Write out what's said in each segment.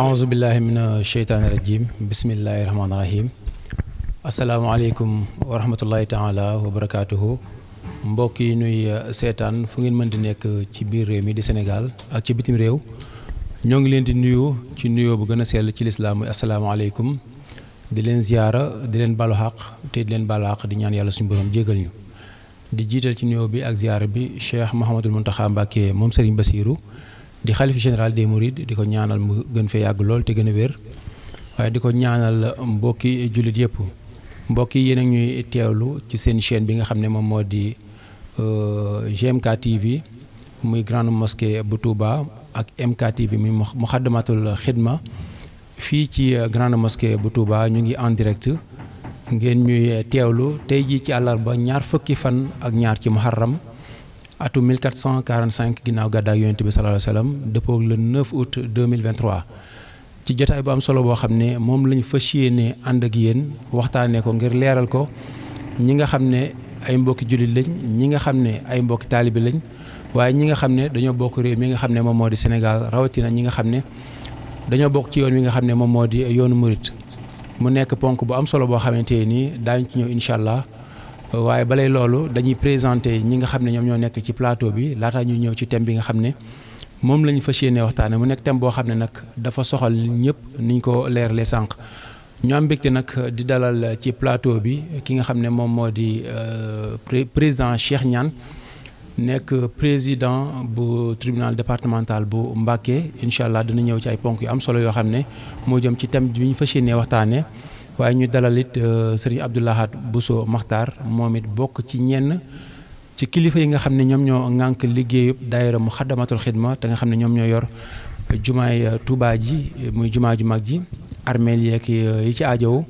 aouzu billahi mina sheytaani rajim bismillahi rahmaani rahim asalaamaaleykum wa rahmatullahi taala wa barakaatuhu yi nuy uh, seetaan fu ngeen mënti nekk ci biir réew mi di Sénégal ak ci bitim réew ñoo ngi leen di nuyu ci nuyoo bu gën a sell ci lislaam muy asalaamaaleykum di leen ziyaara di leen balu xaq te di leen balu xaq di ñaan yàlla suñu borom jégal ñu di jiital ci nuyoo bi ak ziyaara bi Cheikh Mouhamadul Mountakha Mbacké moom Serigne Bassirou di xalif général des Mourides di ko ñaanal mu gën fee yàgg lool te gën a wér waaye di ko ñaanal mbokki jullit yëpp mbokk yi yéen a ñuy teewlu ci seen chaîne bi nga xam ne moom moo di euh, GMK TV muy grande mosquée bu Touba ak MK TV muy Muxaddamatul Xidma fii ci euh, grande mosquée bu Touba ñu ngi en direct ngeen ñuy teewlu tey jii ci àllarba ñaar fukki fan ak ñaar ci muharram atu 1445 ginnaaw gàddaay yonent bi sallallahu alayhi wa sallam dëppoo le 9 août ci jotaay bu am solo boo xam ne moom lañ fas yéene ànd ak yéen waxtaanee ko ngir leeral ko ñi nga xam ne ay mbokki jullit lañ ñi nga xam ne ay mbokki taalibi lañ waaye ñi nga xam ne dañoo bokk réew mi nga xam ne moom moo di Sénégal rawatina ñi nga xam ne dañoo bokk ci yoon wi nga xam ne moom moo di yoonu morit mu nekk ponk bu am solo boo xamante nii daañu ci ñëw incha allah waaye balay loolu dañuy présenter ñi nga xam ne ñoom ñoo nekk ci plateau bi laataa ñuy ñëw ci thème bi nga xam ne moom la ñu fas yéenee waxtaane mu nekk thème boo xam ne nag dafa soxal ñëpp niñ ko leerlee sànq ñu am mbégte nag di dalal ci plateau bi ki nga xam ne moom moo di euh, président Cheikh ñaan nekk président bu tribunal départemental bu Mbacké incha allah dina ñëw ci ay ponk yu am solo yoo xam ne moo jëm ci thème bi ñu fas yéenee waxtaanee. waaye ñu dalal it euh, sëriñ Abdou Lahad Bousso Makhtar moom it bokk ci ñenn ci kilifa yi nga xam ne ñoom ñoo ŋànk liggéeyub daayira mu xaddamatul xidma te nga xam ne ñoom ñoo yor jumaay euh, Touba ji muy jumaa ju mag ji armeel yeeg euh, ci aajow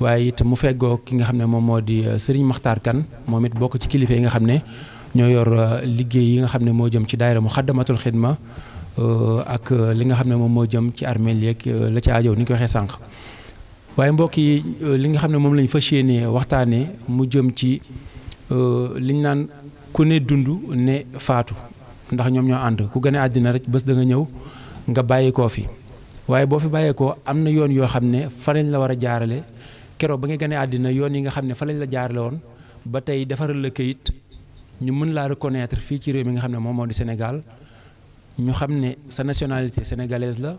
waaye it mu feggoo ki nga xam ne moom moo di sëriñ Makhtar Kane moom bokk ci kilifa yi nga xam ne ñoo yor liggéey yi nga xam ne moo jëm ci daayira mu xaddamatul xidma ak li nga xam ne moom moo jëm ci armeel yeeg la ci aajow ni ñu ko waxee sànq. waaye mbokk yi euh, li nga xam ne moom lañ fas yéenee waxtaanee mu jëm ci euh, liñ naan ku ne dund ne faatu ndax ñoom ñoo ànd ku gën a àddina rek bés da nga ñëw nga bàyyi koo fi waaye boo fi bàyyeekoo am na yoon yoo xam ne fa lañ la war a jaarale keroog ba nga gën a àddina yoon yi nga xam ne fa lañ la jaarale woon ba tey defaral la kayit ñu mën laa reconnaître fii ci réew mi nga xam ne moom moo di Sénégal ñu xam ne sa nationalité sénégalaise la.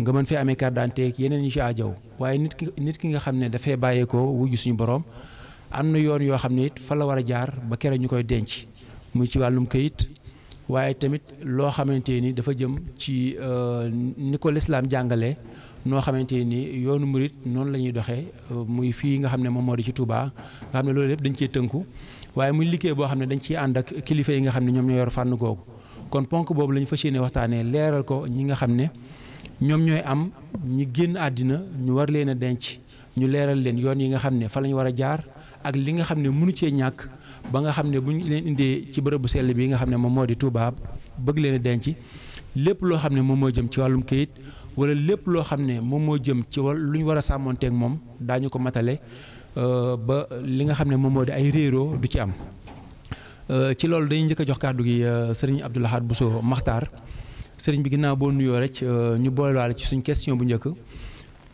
nga mën fee amee carte d'identité ak yeneen yi ci aajow waaye nit ki nit ki nga xam ne dafay bàyyeekoo wujju suñu boroom am na yoon yoo xam ne it fa la war a jaar ba keroog ñu koy denc muy ci wàllum këyit waaye tamit loo xamante ni dafa jëm ci euh, ni ko lislaam jàngalee noo xamante ni yoonu murit noonu la ñuy doxee euh, muy fii nga xam ne moom moo di ci Touba nga xam ne loolu yëpp dañ cee tënku waaye muy liggéey boo xam ne dañ ciy ànd ak kilifa yi nga xam ne ñoom ñoo yor fànn googu kon leeral ko ñi nga xam ne. ñoom ñooy am ñi génn àddina ñu war leen a denc ñu leeral leen yoon yi nga xam ne fa la ñu war a jaar ak li nga xam ne mënu cee ñàkk ba nga xam ne bu ñu leen indee ci bërëbu sell bi yi nga xam ne moom moo di tubaab bëgg leen a denc lépp loo xam ne moom moo jëm ci wàllum këyit wala lépp loo xam ne moom moo jëm ci wàll lu ñu war a sàmmonteeg moom daañu ko matale euh, ba li nga xam ne moom moo di ay réeroo du ci am euh, ci loolu dañuy njëkk jox kàddu gi euh, sëriñ Abdou Lahad Bousso Makhtar sëriñ bi ginnaaw boo nuyoo rek euh, ñu boolewaale ci suñ question bu njëkk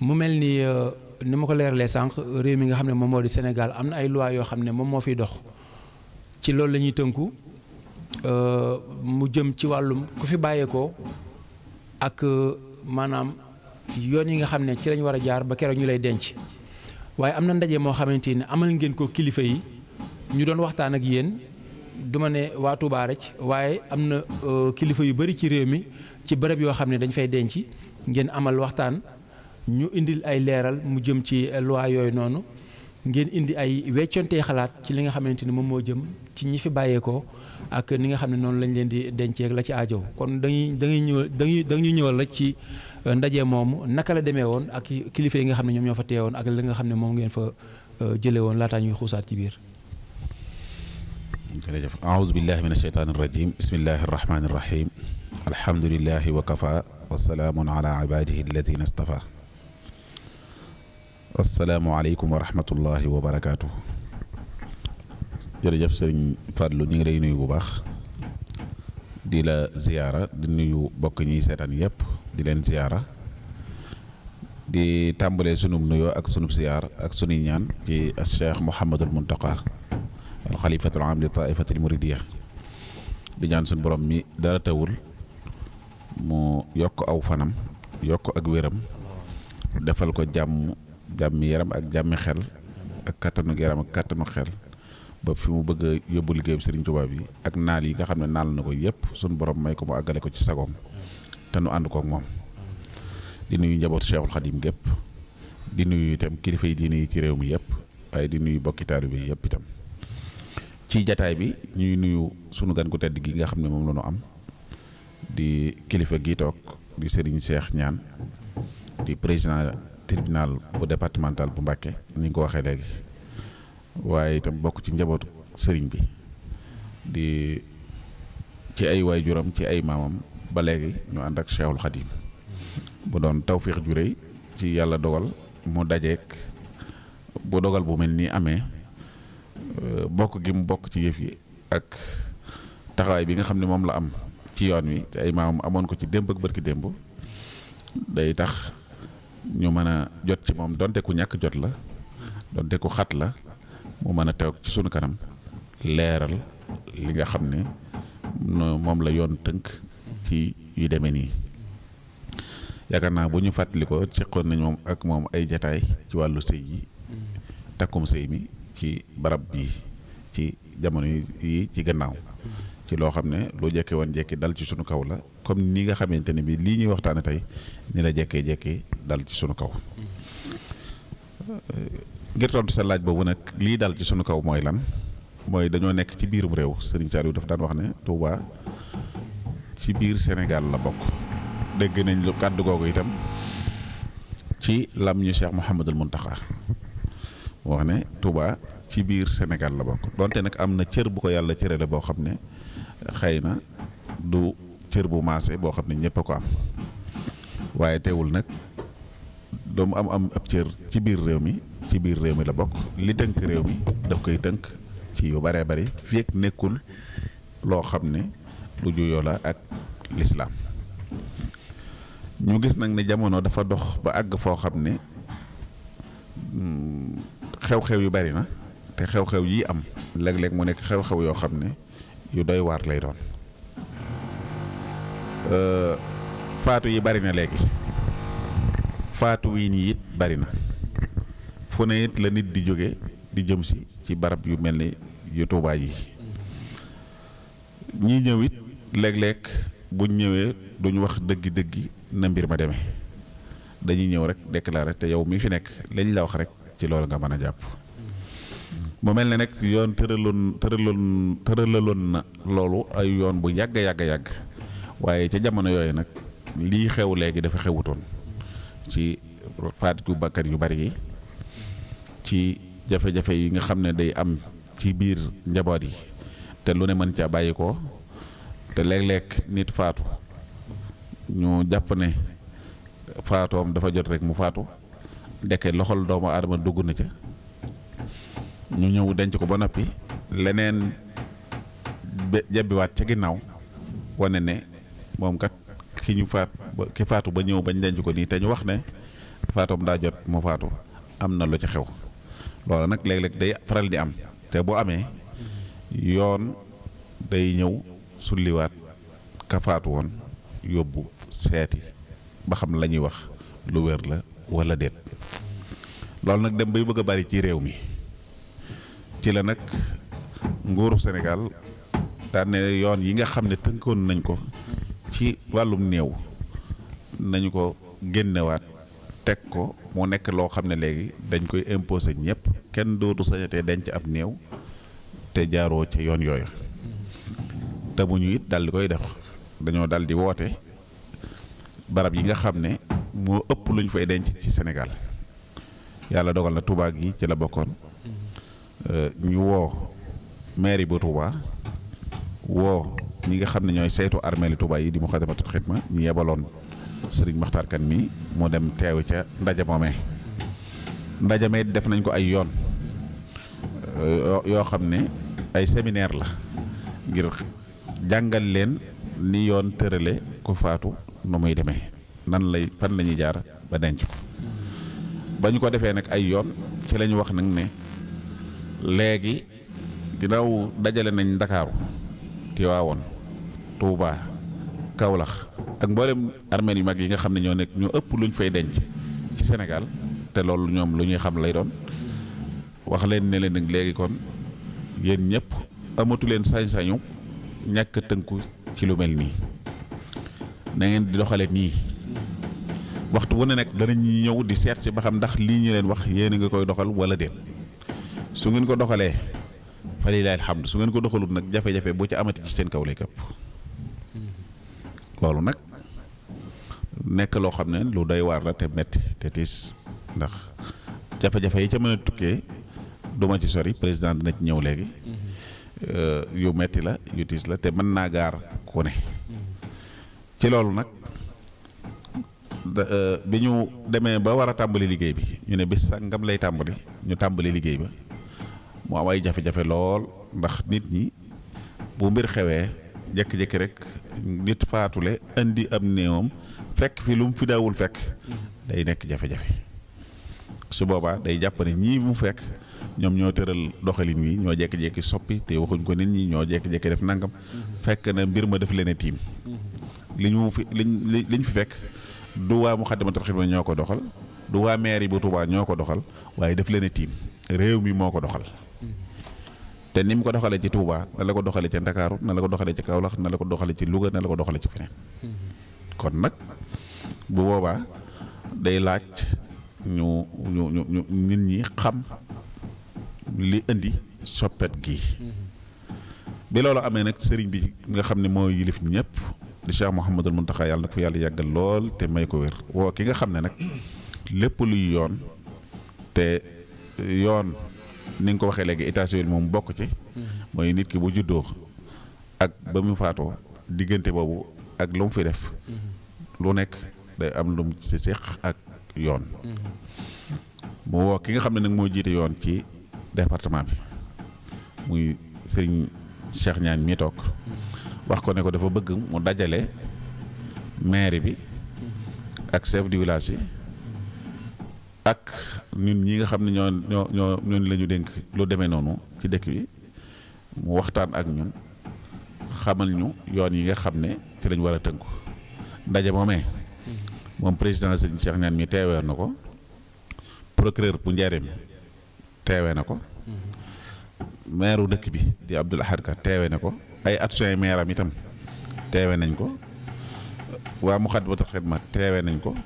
mu mel ni euh, ni ma ko leeralee sànq réew mi nga xam ne moom moo di Sénégal am na ay loi yoo xam ne moom moo fiy dox ci loolu lañuy tënku euh, mu jëm ci wàllum ku fi bàyyeekoo ak maanaam yoon yi nga xam ne ci lañu war a jaar ba keroog ñu lay denc waaye am na ndaje moo xamante ni amal ngeen koo kilifa yi ñu doon waxtaan ak yéen. du ne waa Touba rek waaye am na euh, kilifa yu bari ci réew mi ci bërëb yoo xam ne dañ fay denc ngeen amal waxtaan ñu indil ay leeral mu jëm ci loi yooyu noonu ngeen indi ay weccontee xalaat ci li nga xamante ni moom moo jëm ci ñi fi bàyyeekoo ak ni nga xam ne noonu lañ leen di denceek la ci ajo kon dañuy dañuy ñëw dañuy dañuy ñëwal rek ci euh, ndaje moomu naka la demee woon ak kilifa yi nga xam ne ñoom ñoo fa teewoon ak li nga xam ne moom ngeen fa euh, jëlee woon laataa ñuy xuusaat ci biir. jërëjëf aousubillahi min asheytaan irrajim bismillahi arrahmani irrahim alhamdulilahi wa kafa wasalaamun ala ibadihi alladina stafa asalaamualeykum wa rahmatullahi wa barakaatu jërëjëf sëriñ Fadlu ñu ngi nuyu bu baax di la ziyaara di nuyu bokk ñiy seetaan yëpp di leen ziyaara di tàmbalee sunub nuyoo ak sunub ziyaar ak sunuy ñaan ci Cheikh Mouhamadul Muntaqa alxalifatul am li taifatil muridiya di ñaan suñu boroom mi dara tawul mu yokk aw fanam yokk ak wéram defal ko jàmm jàmm yaram ak jàmmi xel ak kattanu yaram ak kattanu xel ba fi mu bëgg a yóbbu liggéeyam Sëriñ Tuubaa yi ak naal yi nga xam ne naal na ko yëpp suñu borom may ko mu àggale ko ci sagoom te nu ànd kook moom di nuyu njabootu Cheikhul Xadim gépp di nuyu itam kilifa yi diine yi ci réew mi yëpp waaye di nuyu bokki taalibe yi yëpp itam. ci jataay bi ñuy nuyu sunu gan gu tedd gi nga xam ne moom la ñu am di kilifa gi toog di Serigne Cheikh ñaan di président tribunal bu départemental bu Mbàkke ni nga ko waxee léegi waaye itam bokk ci njabootu sëriñ bi di ci ay waajuram ci ay maamam ba léegi ñu ànd ak Cheikhul Khadim bu doon tawféex ju réy ci yàlla dogal mu dajeek bu dogal bu mel nii amee Euh, bokk gi mu bokk ci yëf yi ak taxawaay bi nga xam ne moom la am ci yoon wi ay maamam amoon ko ci démb ak barki démb day tax ñu mën a jot ci moom donte ku ñàkk jot la donte ku xat la mu mën a teew ci sunu kanam leeral li nga xam ne moom la yoon tënk ci yu demee nii yaakaar naa bu ñu fàttalikoo seqoon nañ moom ak moom ay jataay ci wàllu sëy yi takkum sëy mi ci barab bii ci jamono yi ci gannaaw ci loo xam ne lu jekke woon jekki dal ci sunu kaw la comme ni nga xamante ne bi lii ñuy waxtaane tey ni la jekkee jekki dal ci sunu kaw euh, ngir tontu sa laaj boobu nag lii dal ci sunu kaw mooy lan mooy dañoo nekk ci biirum réew Serigne Saliou dafa daan wax ne Touba ci biir Sénégal la bokk dégg nañ lu kàddu googu itam ci lam ñu Cheikh Mouhamadul Mountakha boo ne tubaa ci biir senegal la bokk donte nag am na cër bu ko yàlla cërale boo xam ne xëy na du cër bu maase boo xam ne ñépp a ko am waaye teewul nag doomu am am ab cër ci biir réew mi ci biir réew mi la bokk li dënk réew mi daf koy dënk ci yu baree bari fi ak nekkul loo xam ne lu juyoo la ak lislaam ñu gis nag ne jamono dafa dox ba àgg foo xam ne xew-xew yu bari na te xew-xew yi am léeg-léeg mu nekk xew-xew yoo xam ne yu doy waar lay doon euh, faatu yi bari na léegi faatu wi nii it bari na fu ne it la nit di jóge di jëm si ci barab yu mel ni yu Tuubaa yi ñii ñëw it léeg-léeg buñ ñëwee duñ wax dëgg-dëgg na mbir ma deme dañuy ñëw rek déclarer te yow mi fi nekk lañ la wax rek. loolu nga mën a jàpp mu mel ne nag yoon tëraloon tëraloon na loolu ay yoon bu yàgg yàgg yàgg waaye ca jamono yooyu nag lii xew léegi dafa xewutoon ci faatiku bakkan yu bari yi ci jafe-jafe yi nga xam ne day am ci biir njaboot yi te lu ne mën caa bàyyikoo te léeg-léeg nit faatu ñu jàpp ne faatoom dafa jot rek mu faatu ndeke loxol doomu adama dugg na ca ñu ñëw denc ko ba noppi leneen jebbiwaat ca ginnaaw wane ne moom kat ki ñu faat ki faatu ba ñëw bañ denc ko nii te ñu wax ne faatoom daa jot mu faatu am na lu ci xew loola nag léeg-léeg day faral di am te bu amee yoon day ñëw sulliwaat ka faatu woon yóbbu seeti ba xam la wax lu wér la walla déet loolu nag dem bay bëgg a bari ci réew mi ci la nag nguuru senegal daan yoon yi nga xam ne tënkoon nañ ko ci wàllum néew nañu ko génnewaat teg ko moo nekk loo xam ne léegi dañ koy imposer ñëpp kenn dootu sañatee denc ab néew te jaaroo ca yoon yooyu te bu ñu it dal koy def dañoo daldi woote barab yi nga xam ne moo ëpp lu ñu fay denc ci senegal yàlla dogal na Touba yi ci la bokkoon euh, ñu woo mairie ba Touba woo ñi nga xam ne ñooy saytu armeeli Touba yi di Moukhaddamatoul Khidma ñu yebaloon Serigne Makhtar Kane mi mu dem teew ca ndaje moomee ndaje mee def nañ ko ay yoon yoo xam ne ay séminaire la ngir jàngal leen ni yoon tërale ku faatu nu muy demee nan lay pan lañuy jaar ba denc ko ba ñu ko defee nag ay yoon ci la wax nag ne léegi ginnaaw dajale nañ Ndakaaru Tiwaawoon tuuba Kawlax ak mboolem armée yu mag yi nga xam ne ñoo nekk ñoo ëpp lu fay denc ci Sénégal te loolu ñoom lu ñuy xam lay doon wax leen ne leen nag léegi kon yéen ñëpp amatu leen sañ-sañu ñàkk tënku ci lu mel nii na ngeen di doxale nii waxtu wu ne nag danañ ñëw di seet si ba xam ndax lii ñu leen wax yéen a nga koy doxal wala déet su ngeen ko doxalee fa lilahi alhamdu su ngeen ko doxalut nag jafe-jafe boo ci amati ci seen kaw lay këpp loolu nag nekk loo xam ne lu day waar la te metti te tiis ndax jafe-jafe yi ca mën a tukkee duma ci sori président dina ci ñëw léegi mm-hmm. euh, yu metti la yu tiis la te mën naa gaar ku ne mm-hmm. ci loolu nag Euh, bi ñu demee ba war a tàmbali liggéey bi ñu ne bis sangam lay tàmbali ñu tàmbali liggéey ba mu am ay jafe-jafe lool ndax nit ñi bu mbir xewee jékki-jékki rek nit faatule indi am néewam fekk fi lu mu fi daawul fekk day nekk jafe-jafe su boobaa day jàpp ne ñii mu fekk ñoom ñoo tëral doxalin wi ñoo jékki-jékki soppi te waxuñ ko nit ñi ñoo jékki-jékki def nangam mm-hmm. fekk na mbir ma def leen a tiim mm-hmm. li ñu fi liñ liñ fi fekk du waa Muxaddamatul Xidma ñoo ko doxal du waa mairie bu Touba ñoo ko doxal waaye daf leen a tiim réew mi moo ko doxal. te ni mu ko doxalee ci Touba na la ko doxalee ci Ndakaaru na la ko doxalee ci Kaolack na la ko doxalee ci Louga na la ko doxalee ci feneen kon nag bu boobaa day laaj ñu ñu ñu nit ñi xam li indi soppet gi mm-hmm. bi loolu amee nag sëriñ bi nga xam ne moo yilif ñëpp di Cheikh Mouhamadul Mountakha yàlla na ko yàlla yàggal lool te may ko wér woo ki nga xam ne nag lépp luy yoon te yoon ni nga ko waxee léegi état moom bokk ci. mooy nit ki bu juddoo ak ba mu faatoo diggante boobu ak lu mu fi def. lu nekk day am lu mu ci seq ak yoon. woo ki nga xam ne nag moo jiite yoon ci département bi muy sëriñ Cheikh Ñaan mi toog. wax ko ne ko dafa bëgg mu dajale maire bi ak chef du yi ak ñun ñi nga xam ne ñoo ñoo ñoo ñooñu la ñu dénk lu demee noonu ci dëkk bi mu waxtaan ak ñun xamal ñu yoon yi nga xam ne ci lañ war a tënku ndaje moomee moom président Serigne Cheikh Niane mi teewee na ko procureur bu Njaareem teewee na ko mhm. maire dëkk bi di Abdoul Ahad teewe teewee na ko ay adjoint maire am itam teewe nañ ko waa Moukhaddamatoul Khidma teewe nañ ko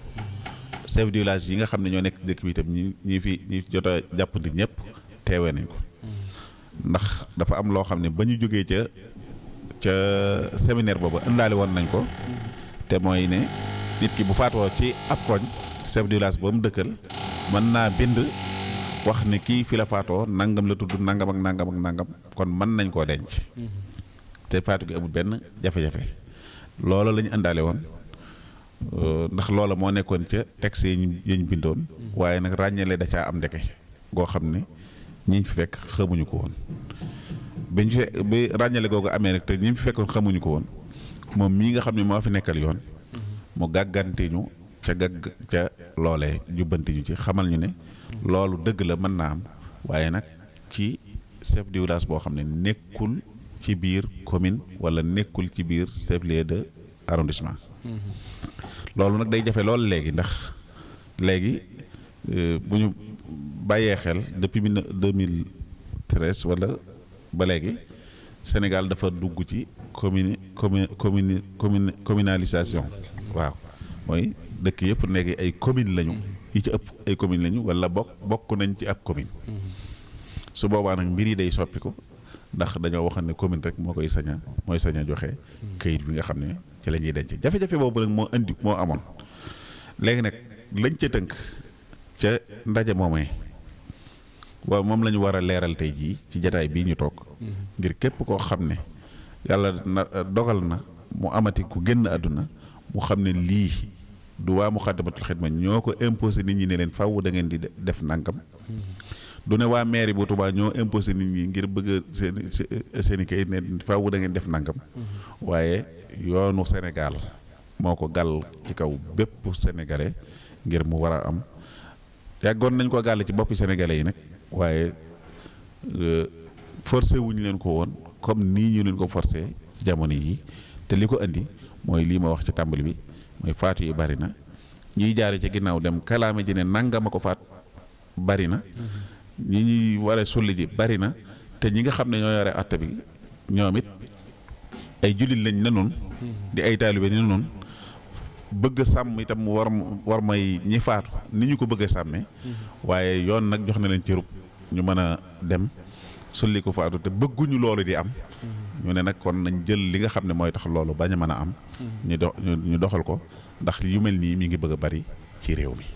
chef yi nga xam ne ñoo nekk dëkk bi itam ñi ñi fi ñi jot a jàppandi ñëpp teewee nañ ko ndax dafa am loo xam ne ba ñu jógee ca ca séminaire boobu ëndaale woon nañ ko te mooy ne nit ki bu faatoo ci ab koñ chef du village ba mu dëkkal mën naa bind wax ne kii fi la faatoo nangam la tudd nangam ak nangam ak nangam kon mën nañ koo denc te faatu gi amul benn jafe-jafe loola la ñu àndaale woon euh, ndax loola moo nekkoon ca texte yi ñu bindoon waaye nag ràññale da caa am ndeke goo xam ne ñi fi fekk xamuñu ko woon ba ñu fe ba ràññale googu amee nag te ñi fi fekkoon xamuñu ko woon moom mii nga xam ne moo fi nekkal yoon mu gàggante ñu ca gàgg ca loole jubbanti ñu ci xamal ñu ne loolu dëgg la mën naa am waaye nag ci chef de village boo xam ne nekkul ci biir commune wala nekkul ci biir chef-lieu de arrondissement. loolu nag day jafe lool léegi ndax léegi euh, bu ñu bàyyee xel depuis mille deux mille treize wala ba léegi Sénégal dafa dugg ci commune commune commune communalisation waaw mooy dëkk yëpp léegi ay commune lañu. yi ci ëpp ay commune lañu wala bokk bokk nañ ci ab commune. su boobaa nag mbir yi day soppiku ndax dañoo waxoon ne commune rek moo koy sañ mooy sañ joxe këyit bi nga xam ne ci lañuy ñuy denc jafe-jafe boobu nag moo indi moo amoon léegi nag lañ ca tënk ca ndaje moomee waaw moom lañu ñu war a leeral tey jii ci jataay bii ñu toog ngir képp koo xam ne yàlla dogal na mu amati ku génn àdduna mu xam ne lii du waa mu xàddamatul ma ñoo ko imposé nit ñi ne leen fàww dangeen di def ndànkam du ne waa mairie bu tubaa ñoo imposé nit ñi ngir bëgg seen eh, seen i kayit ne da ngeen def nangam mm-hmm. waaye yoonu Sénégal moo ko gàll ci kaw bépp sénégalais ngir mu war a am yàggoon nañ ko gàll ci boppi sénégalais yi nag waaye euh, forcé wuñu leen ko woon comme ni ñu leen ko forcé jamono yi te li ko indi mooy lii ma wax ci tàmbali bi mooy faatu yi bari na ñiy jaare ci ginnaaw dem kalaame ji ne nangama ko faat bari na. Mm-hmm. ñi ñuy war a ji bari na te ñi nga xam ne ñoo yore atta bi ñoom it ay jullit lañ na di ay taalibe ni noonu bëgg sàmm itam war war may ñi faatu ni ñu ko bëgg a sàmmee waaye yoon nag jox na leen ci ñu mën a dem sulli ko faatu te bëgguñu loolu di am ñu ne nag kon nañ jël li nga xam ne mooy tax loolu bañ a mën a am mm-hmm. ñu dox ñu doxal ko ndax yu mel nii mi ngi bëgg a bari ci réew mi.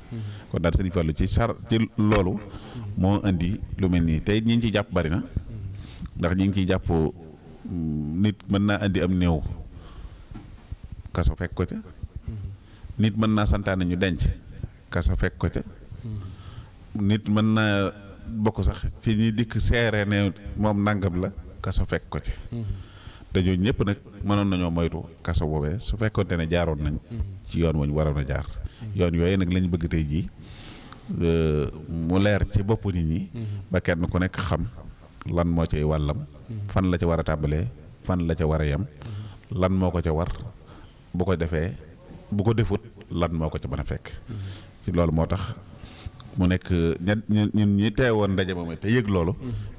kon daal sëriñ Fallou ci sar ci loolu. moo indi lu mel nii tey ñi ngi ciy jàpp bari na. ndax ñi ngi ciy jàpp mm, nit mën naa indi am néew kaso fekk ko ca. nit mën naa santaane ñu denc kaso ko ca. nit mën naa bokk sax ci ñi dikk seere ne moom nangam la kaso fekk ko ci. dañoo ñëpp nag mënoon nañoo moytu kaso boobee su fekkoonte ne jaaroon nañ. ci yoon wañ waroon a jaar. yoon yooyu nag lañ bëgg tey jii euh, mu leer ci bopp nit ñi. Mhm. ba kenn ku nekk xam lan moo cay wàllam. Mhm. fan la ci war a tàmbalee fan la ca war a yem. Mhm. lan moo ko ca war bu ko defee bu ko defut lan moo ko ca mën a fekk. ci loolu moo tax mu nekk ñun ñun ñi woon ndaje moom te yëg loolu.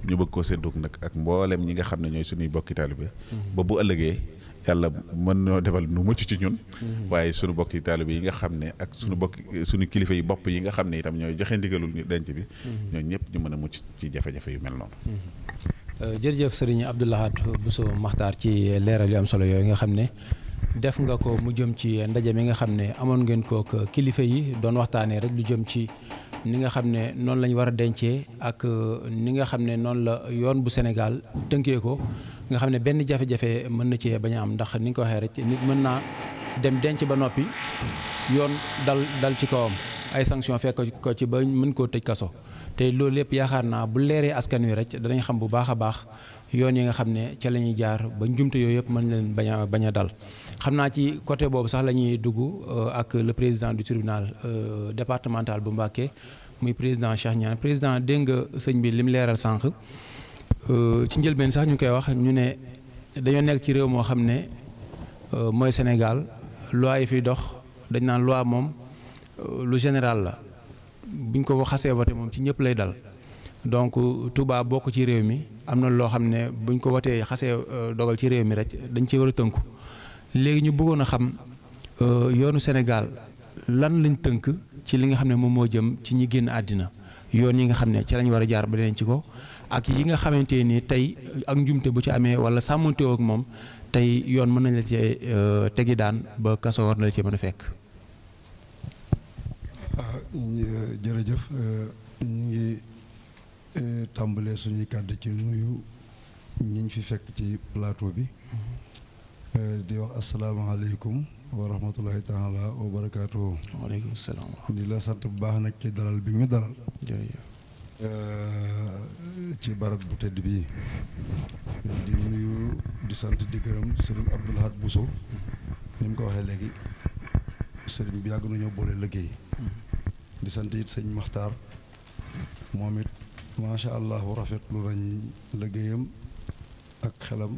ñu bëgg koo séntu nag ak mboolem ñi nga xam ne ñooy suñuy bokki taalibe ba bu ëllëgee. yàlla mën noo defal nu mucc ci ñun waaye sunu bokki taalibe yi nga xam ne ak sunu bokki sunu kilifa yi bopp yi nga xam ne itam ñooy joxe ndigalul ñu denc bi ñooñu ñëpp ñu mën a mucc ci jafe yu mel noonu euh, jërëjëf sëriñ Abdou Lahad Bousso Makhtar ci leeral yu am solo yooyu nga xam ne def nga ko mu jëm ci ndaje mi nga xam ne amoon ngeen kook kilifa yi doon waxtaanee rek lu jëm ci ni nga xam ne noonu lañ war a dencee ak ni nga xam ne noonu la yoon bu Sénégal tënkee ko nga xam ne benn jafe-jafe mën na cee bañ a am ndax ni nga ko waxee rek nit mën naa dem denc ba noppi yoon dal dal ci kawam ay sanction fekk ko ci ba mën koo tëj kaso te loolu lépp yaakaar naa bu leeree askan wi rek danañ xam bu baax a baax yoon yi nga xam ne ca la ñuy jaar ba njumte yooyu yëpp mën leen bañ a bañ a dal xam naa ci côté boobu sax la ñuy dugg euh, ak le président du tribunal euh, départemental bu Mbacké muy président Cheikh Niane président dégg nga sëñ bi lim leeral sànq Euh, ci njëlbeen sax ñu ngi koy wax ñu ne dañoo nekk ci réew moo xam ne euh, mooy Sénégal loi yi fiy dox dañ naan loi moom euh, lu général la buñ ko xasee voté moom ci ñëpp lay dal donc Touba bokk ci réew mi am na loo xam ne buñ ko wotee xasee dogal ci réew mi rek dañ ci war a tënku léegi ñu buggoon a xam yoonu Sénégal lan lañ tënk ci li nga xam ne moom moo jëm ci ñi génn àddina yoon yi nga xam ne ci lañ war a jaar ba leen ci ko ak yi nga xamante ni tey ak njumte bu ci amee wala sàmmanteewoo ak moom tey yoon mën nañ la cee euh, tegi daan ba kaso war na la ci mën a fekk. Ah, euh, jërëjëf euh, ñu ngi kàddu ci nuyu ñiñ fi fekk ci plateau bi mm-hmm. di wax asalaamaaleykum wa rahmatulahi taala wa barakaatu. waaleykum salaam. di la sant bu baax nag ci dalal bi ñu dalal. Euh, ci barab bu tëdd bii di nuyu di sant di gërëm sëriñ Abdou Lahad Bousso ni mu ko waxee léegi sëriñ bi yàgg nañoo boole liggéey di sant it sëñ Maxtaar moom it macha allah rafetlu nañ liggéeyam ak xelam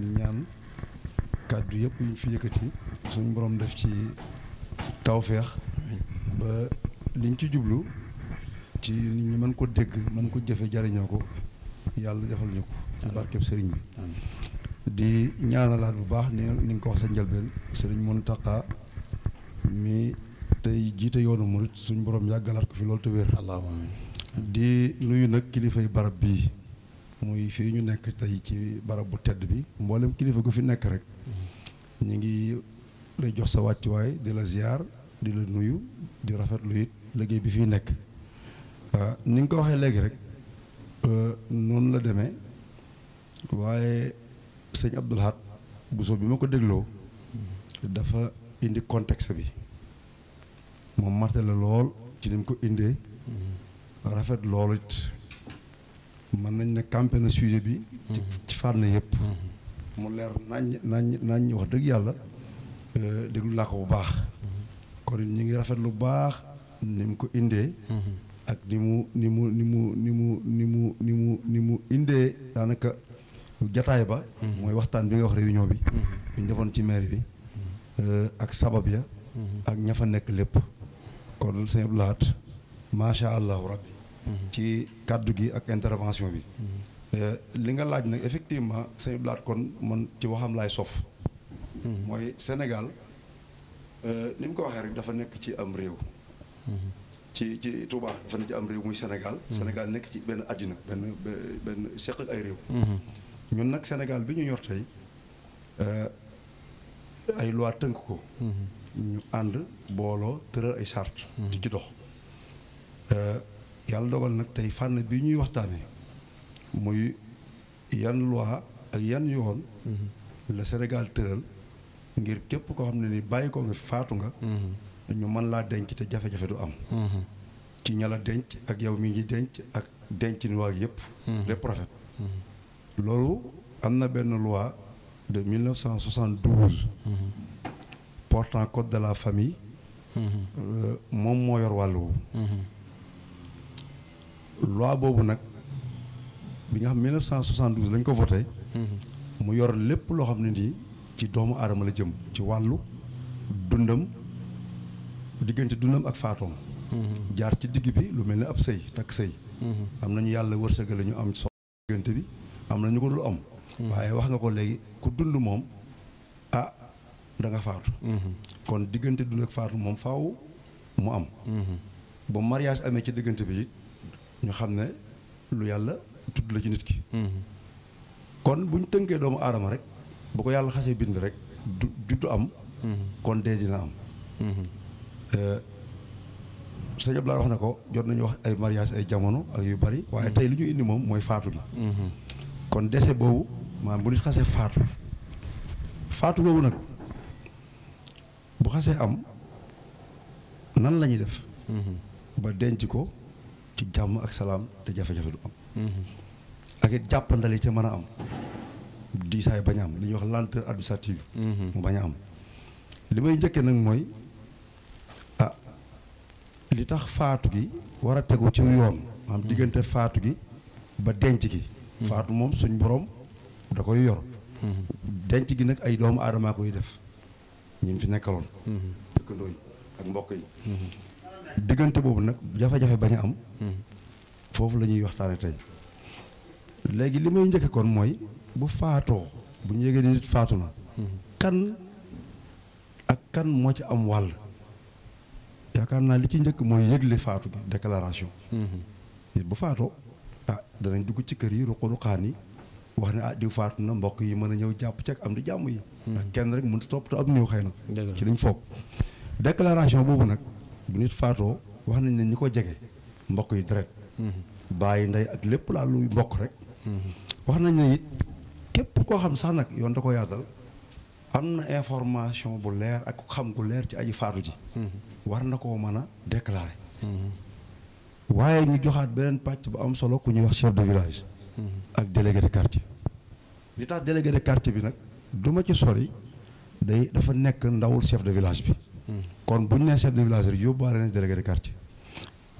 ñaan kàddu yëpp yuñ fi yëkkati suñ borom def ci tawféex ba liñ ci jublu. ci nit ñi mën ko dégg mën ko jëfe jariñoo ko yàlla defal ñu ko ci barkeb sëriñ bi di ñaanalaat bu baax ni ni nga ko wax sa njëlbeen sëriñ Mountakha mi tey jiite yoonu murit suñ borom yàggalaat ko fi loolu te wér di nuyu nag kilifay barab bii muy fii ñu nekk tey ci barab bu tedd bi mboolem kilifa gu fi nekk rek ñu ngi lay jox sa wàccuwaay di la ziar di la nuyu di rafetlu it liggéey bi fiy nekk waaw euh, ni nga ko waxee léegi rek euh, noonu la demee waaye sëñ Abdou Lahad Bousso bi ma ko dégloo dafa indi contexte bi moom martelé lool ci ni ko indee rafet lool it mën nañ ne campé na bi ci fànn yëpp mu leer nañ nañ nañ wax dëgg yàlla euh, déglu naa ko bu baax kon ñu ngi rafet lu baax nim ko indee ak ni mu ni mu ni mu ni mu ni mu ni mu ni mu indee daanaka jataay ba mm-hmm. mooy waxtaan bi nga wax réunion bi mm-hmm. bi defoon ci mairie bi mm-hmm. ak sabab ya ak ña fa nekk lépp kon sëñ Abdou Lahad macha allahu rabbi ci kàddu gi ak intervention bi euh, li nga laaj nag effectivement sëñ Abdou Lahad kon man ci waxam laay sof mooy Sénégal euh, ni mu ko waxee rek dafa nekk ci am réew ci ci Touba dafa na ci am réew muy Sénégal mm-hmm. Sénégal nekk ci benn àddina benn benn seq ak ay réew mm-hmm. ñun nag Sénégal bi ñu yor tey euh, ay loi tënk ko mm-hmm. ñu ànd booloo tëral ay charte di ci dox euh, yàlla dogal nag tey fànn bi ñuy waxtaane muy yan loi ak yan yoon la Sénégal tëral ngir képp koo xam ne ni bàyyi ko nga faatu nga ñu mën laa denc te jafe-jafe du am. Mm-hmm. ci ña denc ak yow mi ngi denc ak denc nuwaay yëpp. Mm-hmm. lépp rafet. Mm-hmm. loolu am na benn loi de 1972. portant code de la famille. Euh, moom moo yor wàll wu. loi boobu nag bi nga xam 1972 lañ ko voté. mu yor lépp loo xam ne nii ci doomu aadama la jëm ci wàllu dundam. diggante dundam ak faatoom jaar ci digg bi lu mel ni ab sëy takk sëy am nañu yàlla wërsëgal la ñu am so diggante bi am ñu ko dul am waaye wax nga ko léegi ku dund moom ah danga nga faatu kon diggante dund ak faatu moom faw mu am ba mariage amee ci diggante bi it ñu xam ne lu yàlla tudd la ci nit ki kon bu ñu tënkee doomu aadama rek bu ko yàlla xasee bind rek du juddu am kon dee dina am Euh, sëñ Abdoulaye wax na ko jot nañu wax ay mariage ay jamono ak yu bari waaye tey li ñu indi moom mooy faatu gi mhm. kon dese boobu maanaam bu nit xasee faatu faatu boobu nag bu xasee am nan la ñuy def mhm. ba denc ko ci jàmm ak salaam te jafe-jafe du am mhm. ak it jàppandali ca mën a am diisaay bañ a am li ñuy wax lant administrative mu bañ a am li may njëkkee nag mooy li tax faatu gi war a tegu ci yoon maanaam hmm. diggante faatu gi ba denc gi hmm. faatu moom suñ boroom da koy yor hmm. denc gi nag ay doomu aadamaa koy def ñun fi nekkaloon dëkkandoo ak mbokk yi diggante boobu nag jafe-jafe bañ am foofu la ñuy waxtaane tey léegi li may njëkke kon mooy bu faatoo bu ñu yégee nit faatu na kan ak kan moo ci am wàll yaakaar naa li ci njëkk mooy yëgle faatu gi déclaration. nit bu faatoo ah danañ dugg ci kër yi ruq-ruqaan yi wax ne ah diw faatu na mbokk yi mën a ñëw jàpp ceeg am di jàmm yi. ndax kenn rek mënut a toppatoo am néew xëy na. ci lañ foog. déclaration boobu nag bu nit wax nañ ne ñi ko jege mbokk yi deret. ndey ak lépp laa mbokk rek. wax nañ ne koo xam sax nag yoon da ko yaatal am na information bu leer ak xam gu leer ci aj faatu ji. war na koo mën a déclarer. Mhm. waaye ñu joxaat beneen pàcc bu am solo ku ñuy wax chef de village. Mhm. ak délégué de quartier. li tax délégué de quartier bi nag duma ma ci sori day dafa nekk ndawul chef de village bi. Mhm. kon bu ñu nee chef de village rek yóbbaale na délégué de quartier.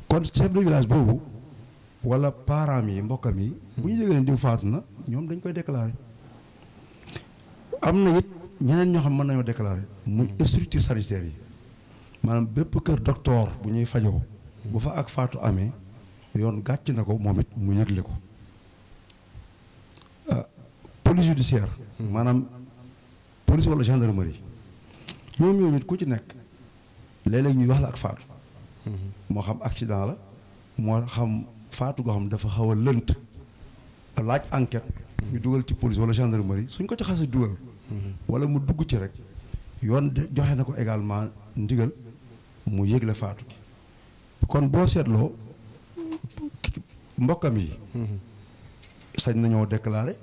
kon chef de village boobu wala parents yi mbokkam yi. bu ñu yëgee diw faatu na ñoom dañ koy déclarer. am na it ñeneen ñoo xam mën nañoo déclarer muy structure sanitaire yi. maanaam bépp kër docteur bu ñuy fajoo bu fa ak faatu amee yoon gàcc na ko moom it mu yëgle ko euh, police judiciaire maanaam police wala gendarmerie ñoom ñoom it ku ci nekk léeg-léeg ñuy wax la ak faatu moo xam accident la moo xam faatu goo xam dafa xaw a lënt laaj enquête ñu dugal ci police wala gendarmerie suñ ko ci xasee dugal wala mu dugg ci rek yoon joxe na ko également ndigal mu yëg la faatu kon boo seetloo mbokkam yi sañ nañoo déclaré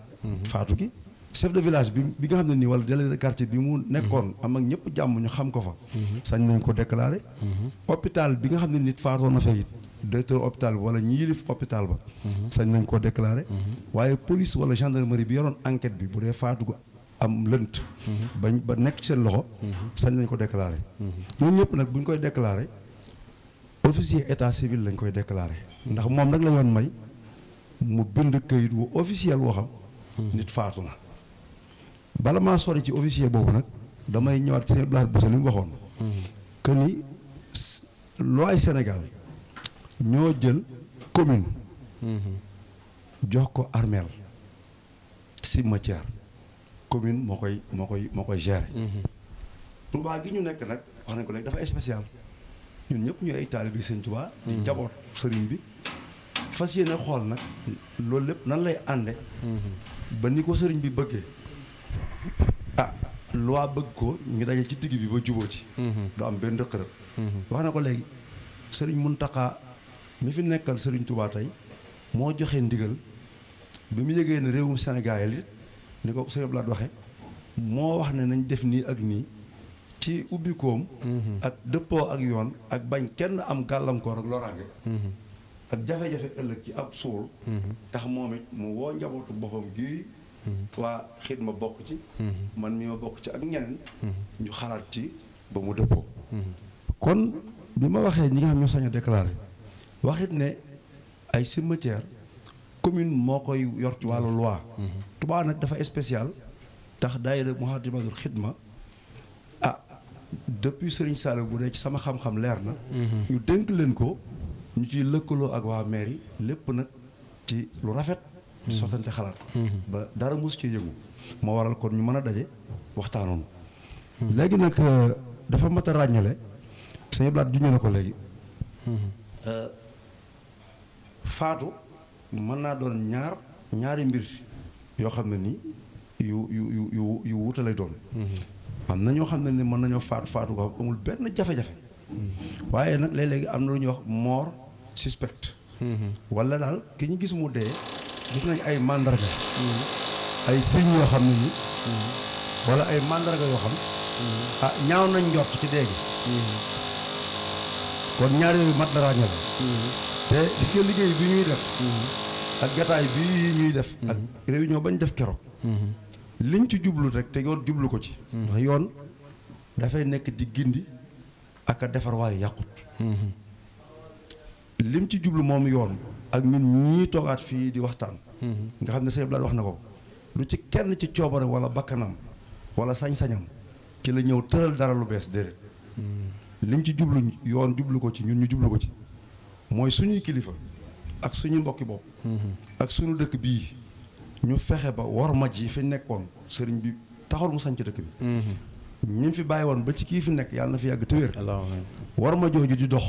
faatu gi chef de village bi bi nga xam ne nii wala délégué de quartier bi mu nekkoon am ak ñëpp jàmm ñu xam ko fa sañ nañ ko déclaré hôpital bi nga xam ne nit faatoo na fa it directeur hôpital wala ñi yilif ba sañ nañ ko déclaré waaye police wala gendarmerie bi yoroon enquête bi bu dee faatu ko am lënt. bañ ba nekk seen loxo. sañ nañ ko déclarer. ñun ñëpp nag buñ koy déclarer officier état civil lañ koy déclarer. ndax moom nag la may mu bind këyit wu officiel woo xam. nit faatu na. bala maa sori ci officier boobu nag damay ñëwaat seen blaat bu mu waxoon. que ni loi Sénégal ñoo jël commune. jox ko armeel cimetière. commune moo koy moo koy moo koy gérer. Mm-hmm. Touba gi ñu nekk nag wax nañ ko léegi dafa spécial ñun ñëpp ñu ay taalibe Sëñ Touba. di mm-hmm. njaboot sëriñ bi fas yéene xool nag loolu lépp nan lay ànde mm-hmm. ba ni ko sëriñ bi bëggee ah loi bëgg ko ñu daje ci digg bi ba juboo ci. du am benn rëq-rëq. wax na ko léegi sëriñ Mountakha mi fi nekkal sëriñ Touba tey moo joxe ndigal bi mu yëgee réewum Sénégal ni ko sëñ Abdoulaye waxe moo wax ne nañ def nii ak nii ci ubbikoom koom mhm. ak dëppoo ak yoon ak bañ kenn am gàllankoor ak loraange mhm. ak jafe-jafe ëllëg ci ab suul mhm. tax moom it mu woo njabootu boppam gi waa xit ma bokk ci man mi ma bokk ci ak ñeneen ñu xalaat ci ba mu dëppoo kon bi ma waxee ñi nga xam ne sañ a déclaré waxit ne ay cimetière commune moo koy yor ci wàllu loi. Touba nag dafa spécial tax daayira Muxaddamatul Xidma ah depuis Serigne Saliou bu dee ci sama xam-xam leer na. Mhm. ñu dénk leen ko ñu ci lëkkaloo ak waa mairie lépp nag ci lu rafet. di mhm. sottante xalaat. Mhm. ba dara mos ci yëngu. moo waral kon ñu mën a daje waxtaanoon. léegi nag euh, dafa mat a ràññale. sëñ Blaat juñu na ko léegi. Euh, faatu. mën naa doon ñaar ñaari mbir yoo xam ne ni yu yu yu yu yu wuute doon. Mm-hmm. am na ñoo xam ne ni mën nañoo faatu faatu ko amul benn jafe-jafe. Mm-hmm. waaye nag léeg-léegi am na lu ñuy wax mort suspect. Mm-hmm. wala daal ki ñu gis mu dee gis nañ ay màndarga ay signes yoo xam ne ni. wala ay mandarga yoo xam. ah ñaaw nañ njort ci dee kon ñaar yooyu mat te gis nga liggéey bi ñuy def. ak gataay bi ñuy def. Mm-hmm. ak réunion bañ def keroog. Mm-hmm. liñ ci jublu rek te yoon jublu ko ci. Mm-hmm. ndax yoon dafay nekk di gindi ak a defar waaye yàqut. lim ci jublu moom yoon ak ñun ñii toogaat fii di waxtaan. nga xam ne sëñ Abdoulaye wax na ko lu ci kenn ci coobare walla bàkkanam walla sañ-sañam ci la ñëw tëral dara lu bees déedéet. lim ci jublu yoon jublu ko ci ñun ñu jublu ko ci mooy suñuy kilifa. ak suñu mbokki bopp. Mm-hmm. ak suñu dëkk bii ñu fexe ba worma ji fi nekkoon sëriñ bi taxul mu sañ ci dëkk bi. Mm-hmm. ñu fi bàyyi woon ba ci kii fi nekk yàlla na fi yàgg te wér. worma jooju di dox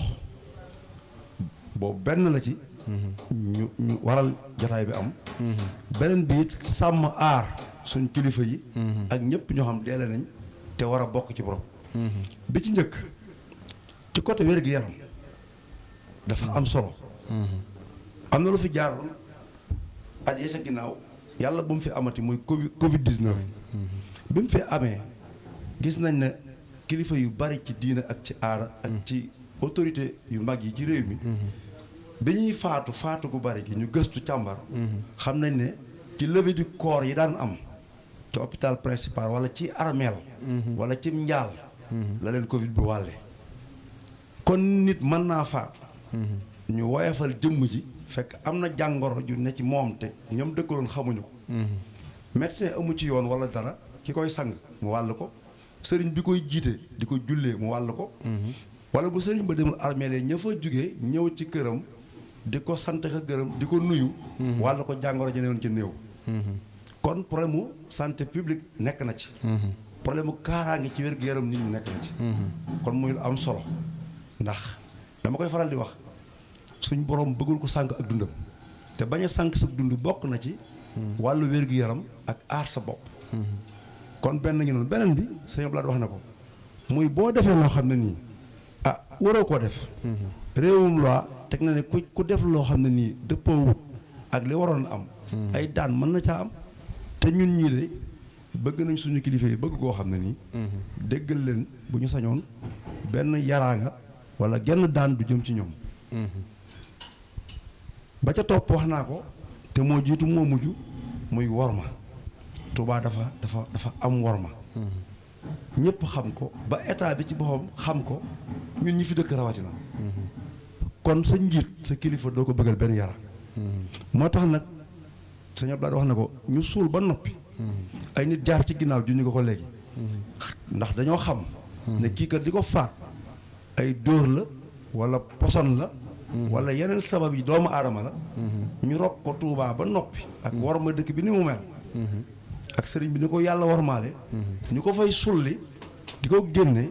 boobu benn la ci. Mm-hmm. ñu ñu waral jataay bi am. beneen bi sàmm aar suñ kilifa yi. ak ñëpp ñoo xam deele nañ te war a bokk ci borom. bi ci njëkk ci côté wér gi yaram dafa am solo. am na lu fi jaaroon at yee sa ginnaaw yàlla bu mu fi amati muy Covid Covid 19. Mm-hmm. bi mu fi amee gis nañ ne kilifa yu bari ci diina ak ci aara. ak mm-hmm. ci autorité yu mag yi ci réew mi. Mm-hmm. bi ñuy faatu faatu gu bari gi ñu gëstu càmbar. xam nañ ne ci levée du corps yi daan am. ci hôpital principal walla ci armeel wala ci njaal. la leen Covid bi wàlle kon nit mën naa faatu. ñu woyafal jëmm ji. fekk am na jàngoro ju ne ci moom te ñoom dëkkaloon xamuñu ko. Mm-hmm. médecin amu ci yoon wala dara ki koy sang mu wàll ko sëriñ bi koy jiite di ko jullee mu wàll ko. Mm-hmm. wala bu sëriñ ba demul armeel ña fa jugee ñëw ci këram di ko sant ka gërëm di ko nuyu. Mm-hmm. wàll ko jàngoro ji newoon ci néew. kon problème mu santé publique nekk na ci. problème mu ngi ci wér yaram nit ñi nekk na ci. kon muy am solo ndax dama koy faral di wax. suñ borom bëggul ko sànq ak dundam te bañ a sànq sa dund bokk na ci wàllu wér-gu-yaram ak aar sa bopp kon benn ngi noonu beneen bi sëñ Abdoulaye wax na ko muy boo defee loo xam ne nii ah waroo koo def réewum loi teg na ne ku ku def loo xam ne nii dëppoowut ak li waroon am ay mën na caa am te ñun ñii bëgg nañ suñu kilifa yi bëgg koo xam ne nii déggal leen bu ñu sañoon benn yaraanga wala genn daan du jëm ci ñoom ba ca topp wax naa ko te moo jiitu moo mujj muy ma tubaa dafa dafa dafa am worma. ñëpp xam ko ba état bi ci boppam xam ko ñun ñi fi dëkk rawatina. kon sa njiit sa kilifa doo ko bëggal benn yara. moo tax nag sëñ Abdoulaye wax na ko ñu suul ba noppi. ay nit jaar ci ginnaaw ju ñu ko ko léegi. ndax dañoo xam. ne kii ka di ko faat ay dóor la wala poson la. Mm-hmm. wala yeneen sabab yi doomu aadama la mm-hmm. ñu rob ko Touba ba noppi ak mm-hmm. war ma dëkk bi ni mu mel ak sëriñ bi ni ko yàlla warmaale ñu ko fay sulli di ko génne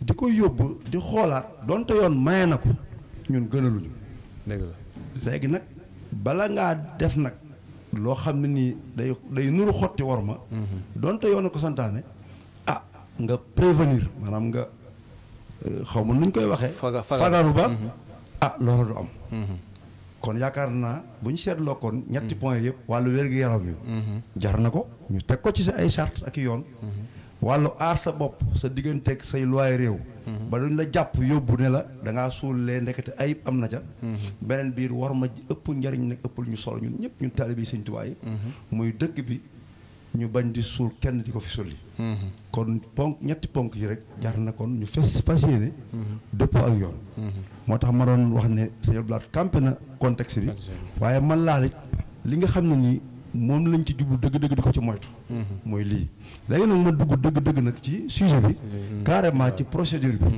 di ko yóbbu di xoolaat donte yoon maye na ko ñun gënaluñu dëgg la léegi nag balaa ngaa def nag loo xam ne nii day day nuru xotti war ma donte yoon ko santaane ah nga prévenir maanaam nga euh, xaw ma nuñ koy waxee fagaru ba ah loola du am. kon yaakaar naa bu ñu seetloo kon. ñetti point yëpp wàllu wér-gu-yaram yi. jar na ko ñu teg ko ci sa ay charte ak yoon. wàllu aar sa bopp sa digganteeg say luwaay réew. ba duñ la jàpp yóbbu ne la da ngaa suul lee ndekete ayib am na ca. beneen biir war ma ëpp njariñ nag ëppul ñu solo ñun ñëpp ñun taalibe yi Sëñ Tuubaa muy dëkk bi. ñu bañ di suul kenn di ko fi sulli mm-hmm. kon ponk ñetti ponk yi rek jaar na kon ñu fes fas yéene mm-hmm. dëppoo ak yoon mm-hmm. moo tax ma doon wax ne sëñ Abdou Lahad campé na context bi waaye man laa rek li nga xam ne nii moom lañ ci jublu dëgg-dëgg di ko ci moytu mooy lii léegi nag ma dugg dëgg-dëgg nag ci sujet bi carrément ci procédure bi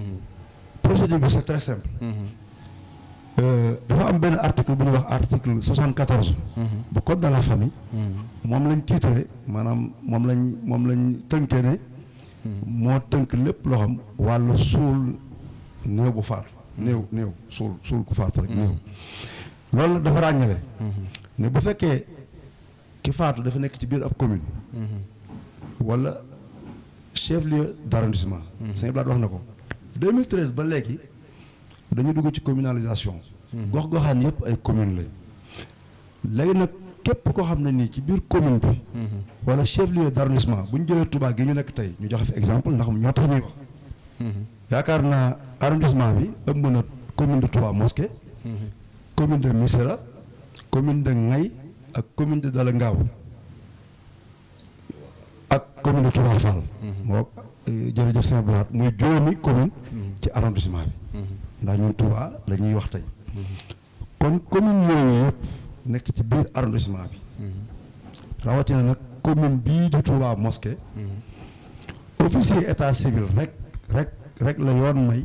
procédure bi c'est très simple Euh, dafa am benn article bu ñuy wax article soixante quatorze. Mhm. bu code de la famille. Mhm. moom lañ tiitre maanaam moom lañ moom lañ tënkee ne. Mhm. moo tënk lépp loo xam wàllu suul néew bu faatu. néew néew suul suul ku faatu rek néew. loolu nag dafa ràññale. ne bu fekkee ki faatu dafa nekk ci biir ab commune. wala chef lieu d' arrondissement. sëñ Blaat wax na ko 2013 ba léegi. dañu dugg ci communalisation. gox-goxaan yëpp ay commune lañ. léegi nag képp koo xam ne nii ci biir commune bi. Mm-hmm. wala chef lieu d' arrondissement bu ñu jëlee Touba gi ñu nekk tey ñu joxe fi exemple ndax ñoo tax ñuy wax. Mm-hmm. yaakaar naa arrondissement bi ëmb na commune de Touba Mosquée. Mm-hmm. commune de Missira commune de Ngay ak commune de Dala Ngaaw ak commune de Touba Fall. moo jërëjëf sama blaat muy juróomi commune. ci arrondissement bi. ndax ñun Touba la ñuy wax tey kon commune yooyu yëpp nekk ci biir arrondissement bi rawatina nag commune bii di Touba mosquée officier état civil rek rek rek la yoon may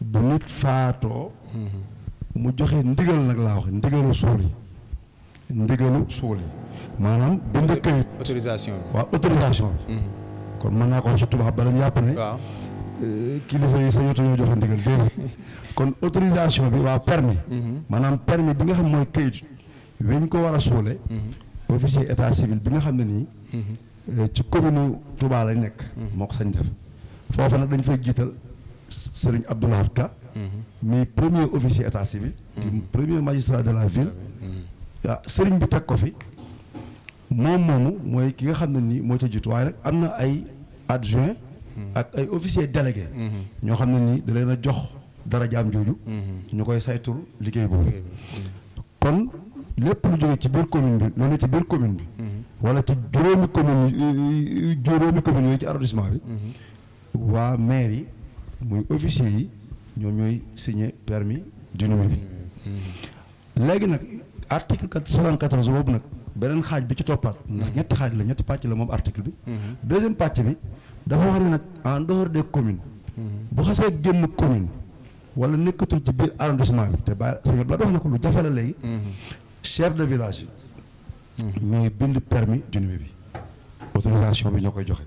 bu nit faatoo mu joxe ndigal nag laa wax ndigalu suul yi ndigalu suul yi maanaam bind këyit autorisation bi waaw autorisation bi mm-hmm. kon mën naa ko wax ci tubaab bala ñu yàpp ne Euh, kilifa yi sañatu ñoo joxe ndigal déedéet kon autorisation bi waa permis mhm. maanaam permis bi nga xam mooy këyit wi ko war a suule mhm. officier état civil bi nga xam ne nii mhm. euh, ci commune Touba lay nekk moo ko sañ def foofu nag dañ fay jiital sëriñ Abdoulahat Ka mi premier officier état civil di premier magistrat de la ville waaw ah, sëriñ bi teg ko fi moom moomu mooy ki nga xam ne nii moo ci jiitu waaye nag am na ay adjoint ak ay officier délégué ñoo xam ne nii da leen a jox dara jaam jooju ñu koy saytul liggéey boobu kon lépp lu jóge ci biir commune bi lu ne ci biir commune bi wala ci juróomi commune juróomi commune yooyu ci arrondissement bi waa maire yi muy officier yi ñoom ñooy signé permis d'inhumer bi mm-hmm. léegi nag article soixante-quatorze boobu nag beneen xaaj bi ci toppaat ndax ñetti xaaj la ñetti pàcc la moom article bi mhm. deuxième pàcc bi dafa wax ne nag en dehors des commune mhm. bu xasee génn commune wala nekkatul ci biir arrondissement bi te ba sëñ bi la dox na ko lu jafe la léegi mhm. chef de village yi ñooy bind permis d'inhumer bi autorisation bi ñoo koy joxe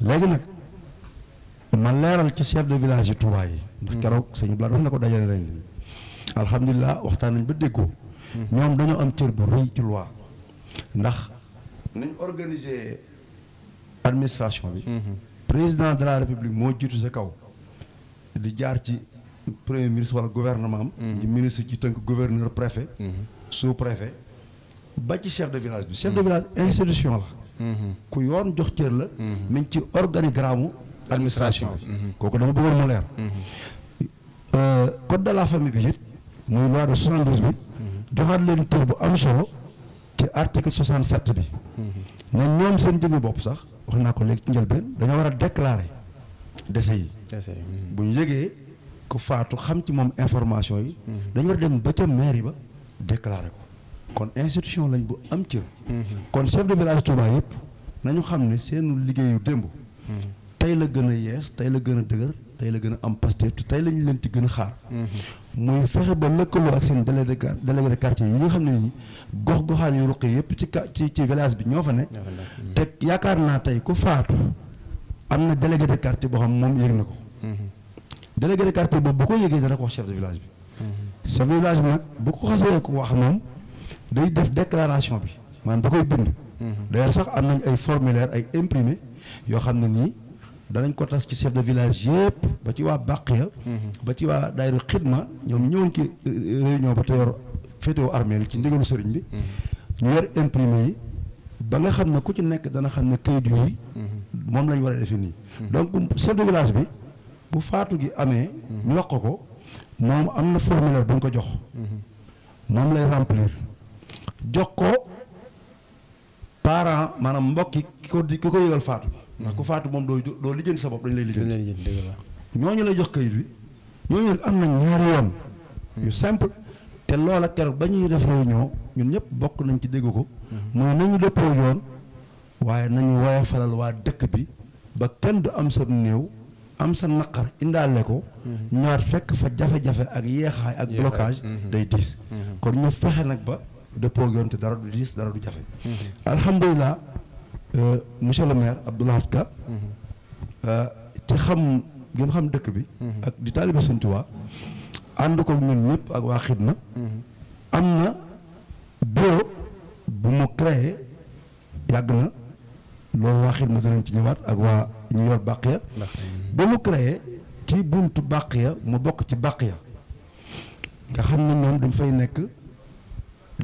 léegi nag ma leeral ci chef de village yi Touba yi ndax keroog sëñ bi la dox na ko dajale nañ alhamdulilah waxtaan nañ ba déggoo ñoom dañoo am cër bu rëy ci loi ndax nañ organiser administration bi mm-hmm. président de la république moo jiitu sa kaw di jaar ci premier ministre wala gouvernement am mm-hmm. di ministre ci tënk gouverneur préfet mm-hmm. sous préfet ba ci chef de village bi chef de village institution la ku yoon jox cër la mi ngi ci organigramme administration bi kooku dama bëggoon mu leer euh, code la famille bi it muy loi de 72 bi joxaat leen tur bu am solo ci article 67 bi. Mhm. ne ñoom seen jëmmi bopp sax wax naa ko léegi ci njëlbeen dañoo war a déclarer décès yi. décès yi mhm. bu ñu faatu xam ci moom information yi. Mhm. dañu war a dem ba ca mairie ba déclarer ko. kon institution lañ bu am cër. kon chef de village Touba yëpp nañu xam ne seenu liggéeyu démb. tey la gën a yees tey la gën a dëgër. tey la gën a am Pastef tey la ñu leen ci gën a xaar. muy mm-hmm. fexe ba lëkkaloo ak seen délégué de délégué de quartier yi nga xam ne nii gox goxaan yu ruqi yëpp ci ci ci village bi ñoo fa ne. Mm-hmm. te yaakaar naa tey ku faatu am na délégué de quartier boo xam moom yëg na ko. Mm-hmm. délégué de quartier boobu bu ko yëgee dana ko wax chef de village bi. chef de village bi nag bu ko xasee ko wax moom day def déclaration bi man da koy bind. d'ailleurs sax am nañ ay formulaire ay imprimé yoo xam ne nii. danañ ko tas ci chef de village yëpp ba ci waa Baqiya mhm. ba ci waa daayru xidma ñoom ñëwoon ci euh, euh, réunion ba te yor féetewoo armeel ci ndigalu sëriñ bi mhm. ñu yor imprimé yi ba nga xam ne ku ci nekk dana xam ne kayit yi mhm. moom lañ war a defee nii donc chef de village bi bu faatu gi amee ñu wax ko ko moom am na formulaire buñ ko jox moom lay remplir jox ko parent maanaam mbokki ki ko di ki ko yëgal faatu ndax ku faatu moom doo doo lijjanti sa bopp dañ ñoo lijjanti lay jox kayit bi ñooñu nag am na ñaari yoon yu simple te loola keroog ba ñuy def réunion ñun ñëpp bokk nañ ci dégg ko mhm. mooy nañu dëppoo yoon waaye nañu woya falal waa dëkk bi ba kenn du am sa néew am sa naqar indaale ko mhm. ñaar fekk fa jafe-jafe ak yeexaay ak blocage mhm. day diis kon ñu fexe nag ba dëppoo yoon te dara du diis dara du jafe alhamdulilah Euh, monsieur le maire Abdoulahat Ka mhm. euh, ci xam gi xam dëkk bi mhm. ak di taalibe Sëñ Tuubaa ànd ko ñun ñëpp ak waa Xidma mhm. am na bureau bu mu créé yàgg na loolu waa Xidma dinañ ci ñëwaat ak waa ñu yor bàq ya ba mu créé ci buntu bàq ya mu bokk ci bàq ya nga xam ne ñoom dañ fay nekk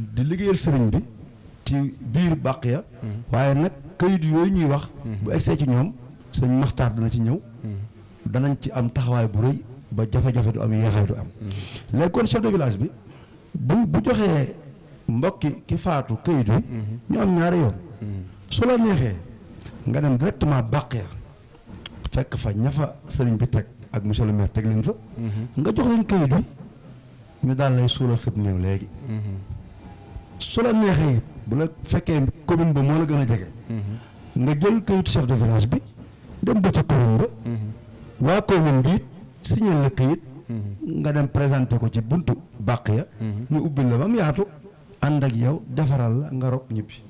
di liggéeyal sëriñ bi ci biir bàq ya waaye nag këyit yooyu ñuy wax. Mhm. bu egsee ci ñoom sëñ Maxtaar dana ci ñëw. Mhm. danañ ci am taxawaay bu rëy ba jafe-jafe du am yeexee du am. Mhm. léegi kon chef bi bu bu joxee mbokki ki faatu këyit yi. ñu am ñaari yoon. su la neexee nga dem directement bàq fekk fa ñafa sëriñ bi teg ak monsieur le maire teg leen fa. nga jox leen këyit bi ñu daal lay suulal léegi. su la bu la fekkee commune ba moo la gën a jege. nga jël kayit chef de village bi dem ba ca commune ba waa commune bi signé la kayit nga dem présenté ko ci buntu bàq ya ñu ubbi la ba yaatu ànd ak yow defaral la nga rob ñibbi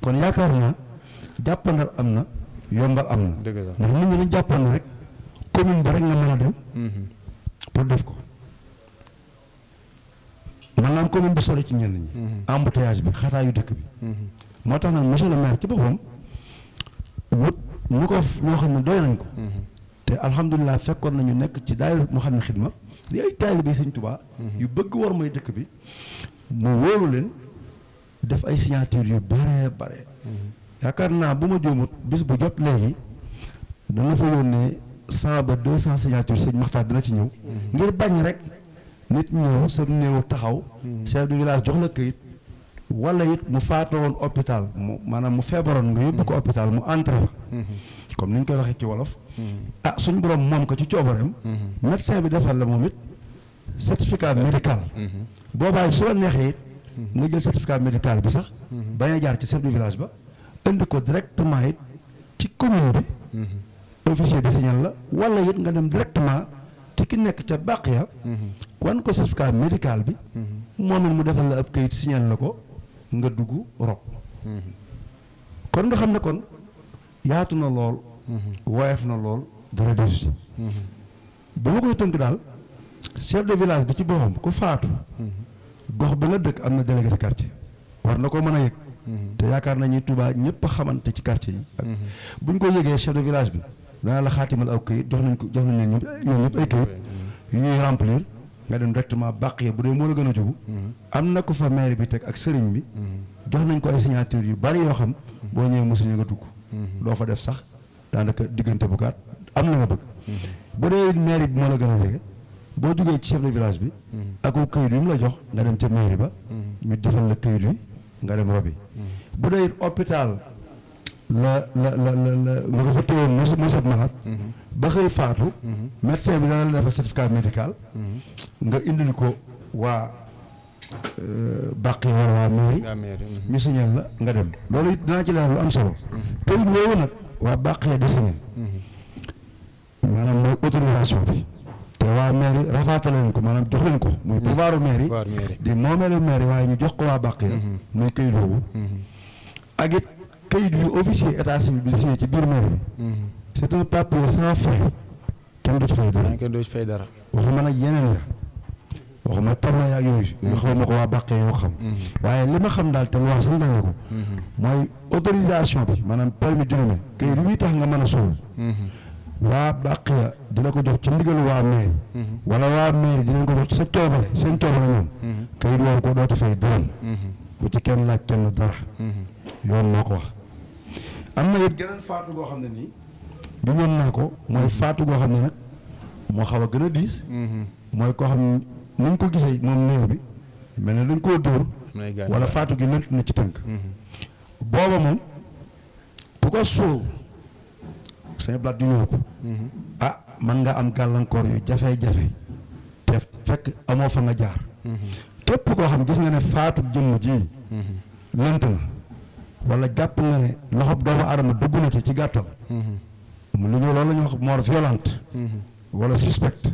kon yaakaar naa jàppandal am na yombal am na ndax nit ñi dañ jàppandal rek commune ba rek nga mën a dem pour def ko maanaam commune bi sori ci ñenn ñi mhm. embouteillage bi xataa yu dëkk bi moo tax nag monsieur le maire ci boppam wut ñu ko ñoo xam ne doy nañ ko. Mhm. te alhamdulilah fekkoon nañu nekk ci daayira mu xam ne xidma di ay taalibe Sëñ Tuubaa mhm. yu bëgg war mooy dëkk bi mu wóolu leen def ay signature yu bare bare mhm. yaakaar naa bu ma juumut bis bu jot léegi dana fa yónnee cent ba deux cent signatures sëñ Maxtaar dina ci ñëw ngir bañ rek nit ñëw sa néew taxaw chef du jox la këyit wala it mu faatoo woon hôpital mu maanaam mu feebaroon nga yóbbu ko mm-hmm. hôpital mu entré fa mm-hmm. comme ni ñu koy waxee ci wolof mm-hmm. ah suñ borom moom ko ci coobareem médecin bi defal la moom it certificat médical boobaay su la neexee it nga jël certificat médical bi sax bañ a jaar ci chef du village ba indi ko directement it ci commune bi officier bi signal la wala it nga dem directement ci ki nekk ca bàq ya wan ko certificat médical bi moom it mu defal la ab kayit signal la ko nga duggu rob kon nga xam ne kon yaatu na lool woyof na lool dara desu ci ba ma koy tënk daal chef de village bi ci boppam ku faatu gox ba nga dëkk am na délégué de quartier war na ko mën a yëg te yaakaar nañu tubaab ñëpp xamante ci quartier yi ak bu ñu ko yëgee chef de village bi danaa la xaatimal aw këyit jox nañ ko jox nañ leen ñoom ñëpp ay këyit yu ñuy remplir nga dem directement Baqiya bu dee moo la gën a jógu mm-hmm. am na ko fa maire bi teg ak sëriñ bi mm-hmm. jox nañ ko ay signature yu bari yoo xam mm-hmm. boo ñëwee mosuñu nga dugg doo fa def sax daanaka diggante bu gaat am na nga bëgg bi moo la gën boo jógee ci chef village bi aku këyit bi mu la jox nga ca mairie ba ñu defal la këyit bi nga dem robi la la la la la nga fa téewoon mo sab mahat ba xëy faatu. médecin bi dana la defal certificat mm-hmm. nga indil ko waa euh, Bàqi wala waa mairie. Mm-hmm. ñu signal la nga dem. loolu it danaa ci leeral lu am solo. te it woowu nag waa Bàqi di signal. Mm-hmm. maanaam mooy autorisation bi. te waa mairie rafaatale leen ko maanaam jox leen ko. muy pouvoiru mairie. di moomeelu mairie waaye ñu jox ko waa Bàqi. muy këyit woowu. ak it këyit yu officier état civil bi signé ci biir mairie bi. c'est un parcours sans fin kenn du ci fay dara. Ah, kenn ma ci fay dara. waxuma nag yeneen la waxuma tournoi yooyu. Mhm. xaw ma ko waa bàqee yoo xam. Mhm. waaye li ma xam daal te wax santaane ko. Mhm. mooy autorisation bi maanaam permis d'humeur. kay li muy tax nga mën a sol. waa bàq ya dina ko jox ci ndigal waa mairie. wala waa mairie dinañ ko jox ci sa coobare seen coobare ñoom. kayit woowu ko dootu fay dërëm. bu ci kenn laaj kenn dara. yoon moo ko wax. am na it geneen faatu goo xam buñoon naa ko mooy mm-hmm. faatu goo xam ne nag moo xaw a gën a diis mm-hmm. mooy koo xam ne nañ ko gisee moom néew bi mel na dañ koo dóor wala faatu gi lënt na ci tënk mm-hmm. booba moom bu ko soow sañu blaat di ñëw ko ah man nga am gàllankoor yu jafe-jafe te fekk amoo fa nga jaar képp koo xam gis nga ne faatu jëmm ji lënt na wala jàpp nga ne loxob doomu aadama dugg na ci ci gàttal lu ñu loolu la ñuy wax mort violente. wala suspecte.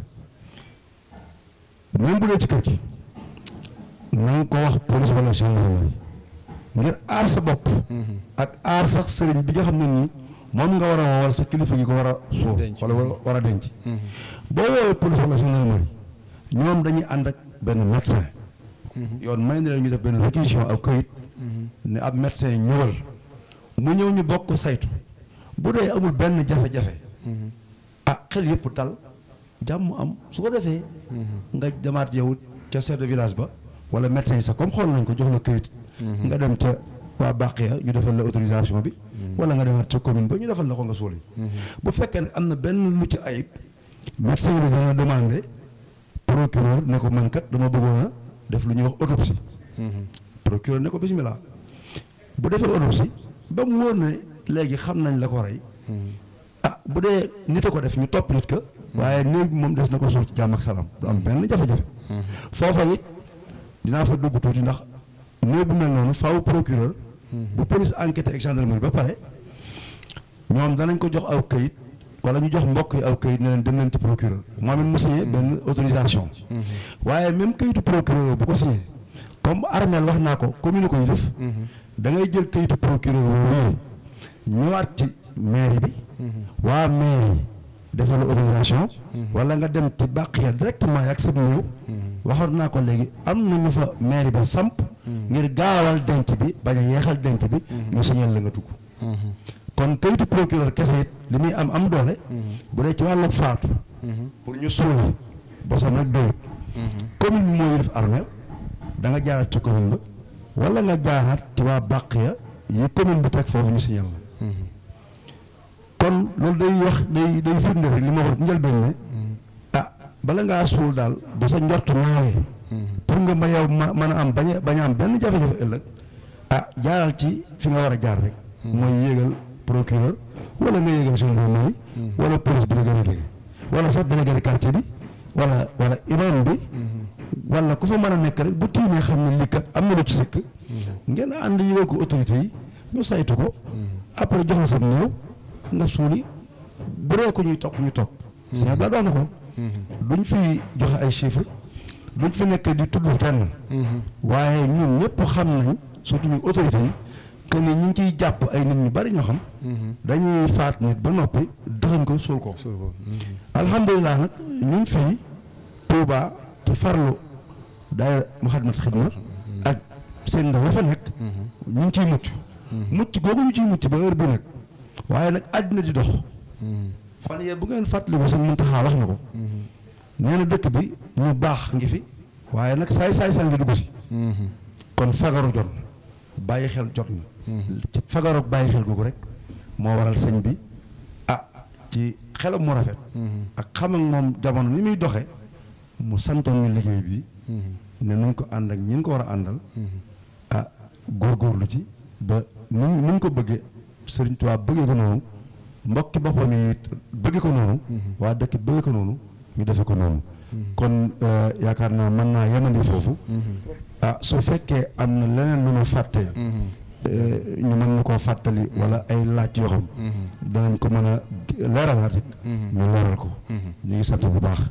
même bu dee ci kër gi. na ko wax police wala gendarmerie ngir aar sa bopp. ak aar sax sëriñ bi nga xam ne nii moom nga war a woo wala sa kilifa gi ko war a suuf. wala war a denc. Hmm. boo woowee police wala gendarmerie ñoom dañuy ànd ak benn médecin. yoon may na leen ñu def benn réquisition ak këyit. Hmm. ne ab médecin ñëwal. mu ñëw ñu bokk saytu. bu dee amul benn jafe-jafe mhm. ah xel yëpp tal jàmm am su ko defee mhm. nga demaat yow ca chef de village ba wala médecin sax comme xool nañ ko jox la këyit mhm. nga dem ca waa ya ñu defal la autorisation bi wala nga demaat ca commune ba ñu defal na ko nga suuli bu fekkee ne am na benn lu ci ayib médecin bi dana demandé procureur ne ko man dama bëggoon def lu ñuy wax autopsie procureur ne ko bismillah bu defee autopsie ba mu wóor ne léegi xam nañ la ko rey hmm. ah bu dee nit a ko def ñu topp nit ka hmm. waaye néeg moom des na ko suuf ci jàmm ak salaam du am benn jafe-jafe hmm. foofa it dinaa fa dugg tuuti ndax néeg bu mel noonu faaw procureur bu police enquête ba pare ñoom danañ ko jox aw kayit wala ñu jox mbokk yi aw kayit ne leen dem leen ci procureur moom it mu signé benn autorisation waaye même kayitu procureur bu ko signé comme armée wax naa ko commune ko ñu da ngay jël kayitu procureur woowu ñëwaat ci mairie bi. waa mairie defal autorisation. wala nga dem ci bàq ya directement ak seen ñëw. waxoon naa ko léegi am na ñu fa mairie bi samp. ngir gaawal denc bi bañ a yeexal denc bi. ñu signal la nga dugg. kon kayitu procureur kese it li muy am am doole. bu dee ci wàllu faatu. pour ñu suul bosam rek doyut. commune bi mooy def armeel da nga jaaraat ci commune ba wala nga jaaraat ci waa bàq ya yi commune bi teg foofu ñu signal la. kon loolu day wax day day firnde li ma wax njëlbeen ne ah bala ngaa suul daal bu sa njort naawee pour nga ma yow ma mën a am bañ bañ a am benn jafe-jafe ëllëg ah jaaral ci fi nga war a jaar rek mooy yéegal procureur wala nga yéegal gendarmerie wala police bi la bi wala wala imam bi ku fa mën a nekk rek bu tiimee xam ne lii kat am na lu ci sëkk ngeen ànd yéegal ko autorité yi ñu saytu ko. après jox la sam néew nga suuli bu dee ñuy topp ñu topp. sëñ Abdoulaye doon na ko. duñ fi joxe ay chiffres duñ fi nekk di tudd kenn. waaye ñun ñëpp xam nañ surtout ñu autorités yi que ñu ngi ciy jàpp ay nit ñu bari ñoo xam. dañuy faat nit ba noppi dëxañ ko suul ko. alhamdulilah nag ñun fii Touba te farlu daay Moukhaddamatoul Khidma ak seen ndaw la fa nekk. Mhm. ñu ciy mucc. mucc googu ñu ciy mucc ba heure bi nag waaye nag àddina di dox fan yee bu ngeen fàttaliku sax mun taxaa wax na ko nee na dëkk bi ñu baax ngi fi waaye nag saay saay saa ngi dugg si kon fagaru jot na bàyyi xel jot na ci fagaroog bàyyi xel googu rek moo waral sëñ bi ah ci xelam mu rafet ak xam ak moom jamono ni muy doxe mu santoon ñu liggéey bi hmm. ne nañ ko ànd ak ñi ko war a àndal hmm. ah góorgóorlu ci ba nu nu ko bëggee Serigne Touba bëggee ko noonu mbokki boppam yi bëggee ko noonu. Mhm. waa dëkk bëggee ko noonu ñu defee ko noonu. Mhm. kon euh, yaakaar naa mën naa yemandi foofu. Mhm. ah su fekkee am na leneen lu ma fàtte. Euh, ñu mën na koo fàttali wala ay laaj yoo xam. danañ ko mën a leeralaat it. ñu leeral ko. ñu ngi bu baax.